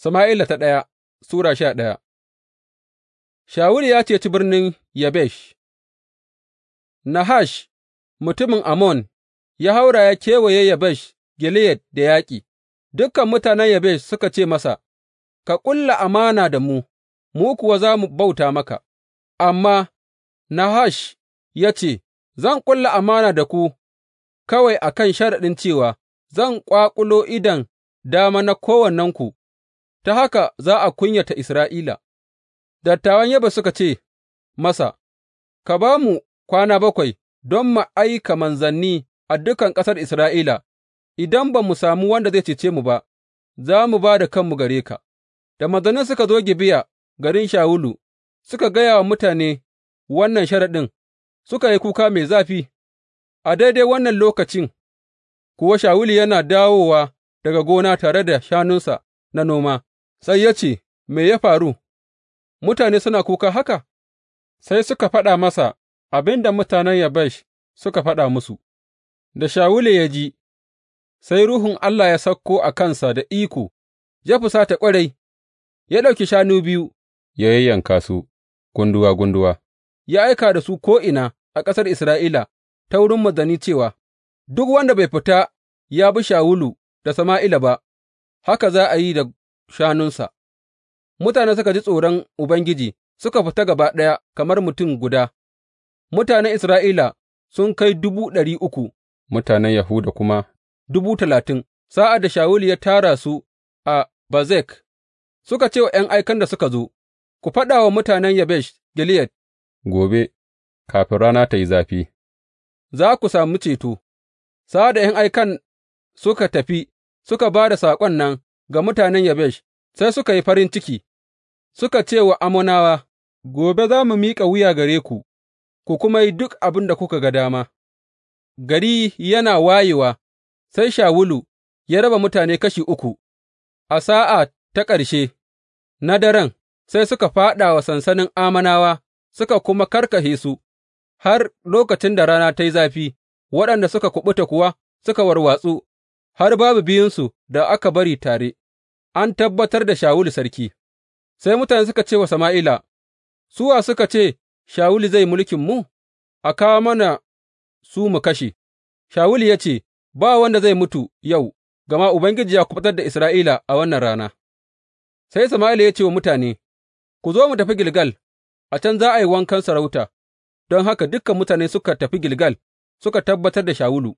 Sama'ila ta ɗaya Sura sha ɗaya Shawulu ya ceci birnin Yabesh Nahash mutumin amon ya haura ya kewaye Yabesh Gileyad da yaƙi, dukan mutanen Yabesh suka ce masa, Ka ƙulla amana da mu, mu kuwa za mu bauta maka, amma Nahash ya ce, Zan ƙulla amana da ku kawai a kan sharaɗin cewa zan ƙwaƙulo idon dama na kowannenku. ta haka za a kunyata Isra'ila. Dattawan Yaba suka ce masa, Ka ba mu kwana bakwai don mu aika manzanni a dukan ƙasar Isra'ila, idan ba mu samu wanda zai cece mu ba, za mu ba da kanmu gare ka. Da manzannin suka zo Gibiya garin Shawulu, suka gaya wa mutane wannan sharaɗin, suka yi kuka mai zafi. A daidai wannan lokacin kuwa Shawulu yana dawowa daga gona tare da shanunsa na noma. sai ya ce, Me ya faru, mutane suna kuka haka? Sai suka faɗa masa abin da mutanen Yabesh suka faɗa musu, da shawule ya ji, sai Ruhun Allah ya sauko a kansa da iko, ya fusata ƙwarai, ya ɗauki shanu biyu, ya yayyanka su gunduwa-gunduwa, ya aika da su ko'ina a ƙasar Isra'ila ta wurin mazani cewa, Duk wanda bai fita ya bi Shawulu da Sama'ila ba, haka za a yi da shanunsa, mutane suka ji tsoron Ubangiji suka fita gaba ɗaya kamar mutum guda, mutanen Isra'ila sun kai dubu ɗari uku, mutanen Yahuda kuma dubu talatin, sa'ad da Shawulu ya tara su a Bazek, suka ce wa ’yan aikan da suka zo, Ku faɗa wa mutanen Yabesh Gileyad, Gobe, kafin rana ta yi zafi, za ku sami ceto, sa'ad da ’yan aikan suka tafi suka ba da saƙon nan ga mutanen Yabesh, sai suka yi farin ciki, suka ce wa Ammonawa, Gobe za mu miƙa wuya gare ku, ku kuma yi duk abin da kuka ga dama. Gari yana wayewa, sai Shawulu ya raba mutane kashi uku, a sa'a ta ƙarshe na daren sai suka fāɗa wa sansanin Ammonawa suka kuma karkahe su, har lokacin da rana ta yi zafi, waɗanda suka kuɓuta kuwa suka warwatsu, har babu biyunsu da aka bari tare. an tabbatar da Shawulu sarki, sai mutane suka ce wa Sama'ila, Suwa suka ce, Shawulu zai mulkin mu, a kawo mana su mu kashe, Shawulu ya ce, Ba wanda zai mutu yau, gama Ubangiji ya kubutar da Isra'ila a wannan rana. Sai Sama'ila ya ce wa mutane, Ku zo mu tafi Gilgal, a can za a yi wankan sarauta, don haka dukan mutane suka tafi Gilgal suka tabbatar da Shawulu,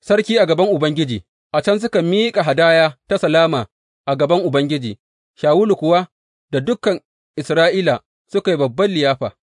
sarki a gaban Ubangiji, a can suka miƙa hadaya ta salama a gaban Ubangiji, Shawulu kuwa da dukan Isra'ila suka yi babban liyafa.